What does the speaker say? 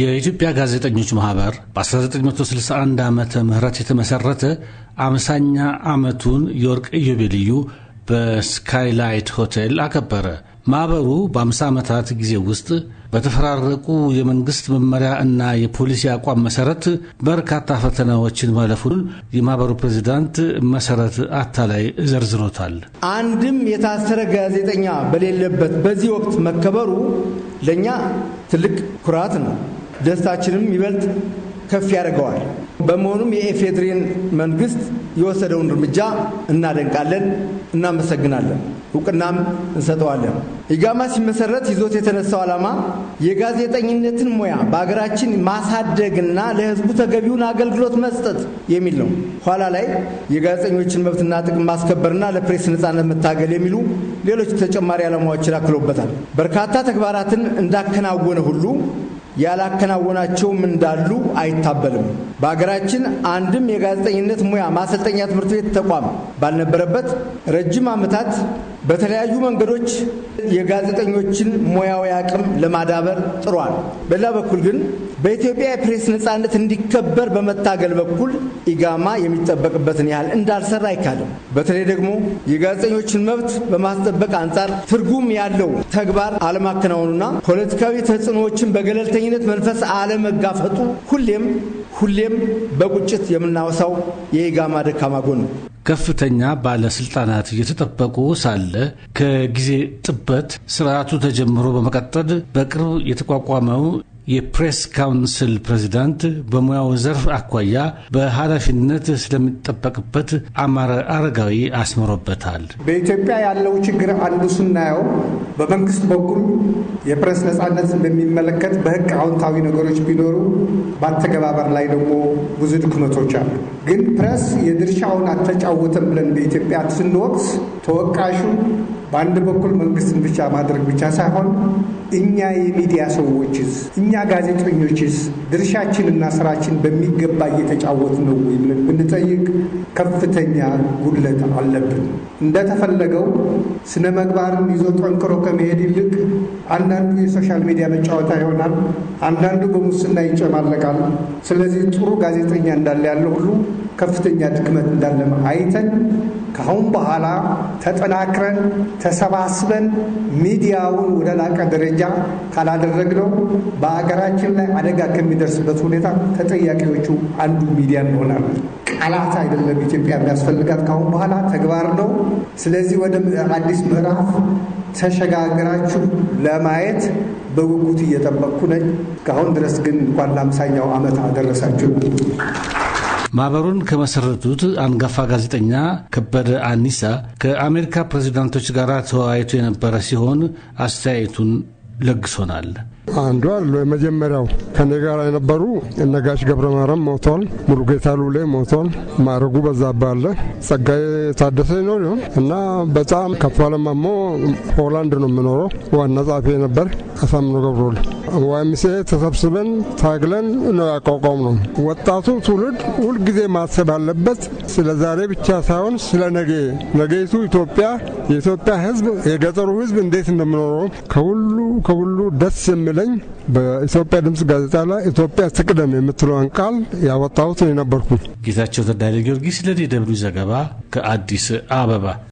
የኢትዮጵያ ጋዜጠኞች ማህበር በ1961 ዓመተ ምህረት የተመሠረተ አምሳኛ ዓመቱን የወርቅ ኢዮቤልዩ በስካይላይት ሆቴል አከበረ። ማኅበሩ በ50 ዓመታት ጊዜ ውስጥ በተፈራረቁ የመንግሥት መመሪያ እና የፖሊሲ አቋም መሠረት በርካታ ፈተናዎችን ማለፉን የማኅበሩ ፕሬዚዳንት መሠረት አታላይ ዘርዝሮታል። አንድም የታሰረ ጋዜጠኛ በሌለበት በዚህ ወቅት መከበሩ ለእኛ ትልቅ ኩራት ነው። ደስታችንም ይበልጥ ከፍ ያደርገዋል። በመሆኑም የኤፌድሬን መንግስት የወሰደውን እርምጃ እናደንቃለን፣ እናመሰግናለን፣ እውቅናም እንሰጠዋለን። ኢጋማ ሲመሰረት ይዞት የተነሳው ዓላማ የጋዜጠኝነትን ሙያ በሀገራችን ማሳደግና ለሕዝቡ ተገቢውን አገልግሎት መስጠት የሚል ነው። ኋላ ላይ የጋዜጠኞችን መብትና ጥቅም ማስከበርና ለፕሬስ ነጻነት መታገል የሚሉ ሌሎች ተጨማሪ ዓላማዎችን አክሎበታል። በርካታ ተግባራትን እንዳከናወነ ሁሉ ያላከናወናቸውም እንዳሉ አይታበልም። በሀገራችን አንድም የጋዜጠኝነት ሙያ ማሰልጠኛ ትምህርት ቤት ተቋም ባልነበረበት ረጅም ዓመታት በተለያዩ መንገዶች የጋዜጠኞችን ሙያዊ አቅም ለማዳበር ጥሯል። በሌላ በኩል ግን በኢትዮጵያ የፕሬስ ነፃነት እንዲከበር በመታገል በኩል ኢጋማ የሚጠበቅበትን ያህል እንዳልሰራ አይካልም። በተለይ ደግሞ የጋዜጠኞችን መብት በማስጠበቅ አንጻር ትርጉም ያለው ተግባር አለማከናወኑና ፖለቲካዊ ተጽዕኖዎችን በገለልተኝነት መንፈስ አለመጋፈጡ ሁሌም ሁሌም በቁጭት የምናወሳው የኢጋማ ደካማ ጎን ነው። ከፍተኛ ባለስልጣናት እየተጠበቁ ሳለ ከጊዜ ጥበት ስርዓቱ ተጀምሮ በመቀጠል በቅርብ የተቋቋመው የፕሬስ ካውንስል ፕሬዚዳንት በሙያው ዘርፍ አኳያ በኃላፊነት ስለሚጠበቅበት አማረ አረጋዊ አስምሮበታል። በኢትዮጵያ ያለው ችግር አንዱ ስናየው በመንግስት በኩል የፕሬስ ነጻነት በሚመለከት በህግ አዎንታዊ ነገሮች ቢኖሩ በአተገባበር ላይ ደግሞ ብዙ ድክመቶች አሉ። ግን ፕረስ የድርሻውን አልተጫወተም ብለን በኢትዮጵያ ስንወቅስ ተወቃሹ በአንድ በኩል መንግስትን ብቻ ማድረግ ብቻ ሳይሆን እኛ የሚዲያ ሰዎችስ እኛ ጋዜጠኞችስ ድርሻችንና ስራችን በሚገባ እየተጫወት ነው ወይ ብለን ብንጠይቅ ከፍተኛ ጉድለት አለብን። እንደተፈለገው ስነ መግባርን ይዞ ጠንክሮ ከመሄድ ይልቅ አንዳንዱ የሶሻል ሚዲያ መጫወታ ይሆናል፣ አንዳንዱ በሙስና ይጨማለቃል። ስለዚህ ጥሩ ጋዜጠኛ እንዳለ ያለ ሁሉ ከፍተኛ ድክመት እንዳለ አይተን ከአሁን በኋላ ተጠናክረን ተሰባስበን ሚዲያውን ወደ ላቀ ደረጃ ካላደረግነው በሀገራችን ላይ አደጋ ከሚደርስበት ሁኔታ ተጠያቂዎቹ አንዱ ሚዲያ እንሆናለን። ቃላት አይደለም ኢትዮጵያ የሚያስፈልጋት ካሁን በኋላ ተግባር ነው። ስለዚህ ወደ አዲስ ምዕራፍ ተሸጋግራችሁ ለማየት በጉጉት እየጠበቅኩ ነኝ። ከአሁን ድረስ ግን እንኳን ለአምሳኛው ዓመት አደረሳችሁ። ማህበሩን ከመሰረቱት አንጋፋ ጋዜጠኛ ከበደ አኒሳ ከአሜሪካ ፕሬዚዳንቶች ጋር ተወያይቶ የነበረ ሲሆን አስተያየቱን ለግሶናል። አንዱ አለ የመጀመሪያው ከኔ ጋር የነበሩ ነጋሽ ገብረ ማርያም ሞቷል። ሙሉጌታ ሉሌ ሞቷል። ማረጉ በዛ ባለ ጸጋዬ ታደሰ ነው እና በጣም ከፋለማሞ ሆላንድ ነው የምኖረው። ዋና ጸሐፊ ነበር አሳምኖ ገብሮል። ዋሚሴ ተሰብስበን ታግለን ነው ያቋቋም ነው። ወጣቱ ትውልድ ሁልጊዜ ማሰብ አለበት ስለ ዛሬ ብቻ ሳይሆን ስለ ነገ፣ ነገይቱ ኢትዮጵያ፣ የኢትዮጵያ ህዝብ የገጠሩ ህዝብ እንዴት እንደምኖረው ከሁሉ ከሁሉ ደስ የሚል ስለሌለኝ በኢትዮጵያ ድምጽ ጋዜጣ ላይ ኢትዮጵያ ትቅደም የምትለውን ቃል ያወጣሁት ነው ጌታቸው ተድላ ጊዮርጊስ ለዲ ደብልዩ ዘገባ ከአዲስ አበባ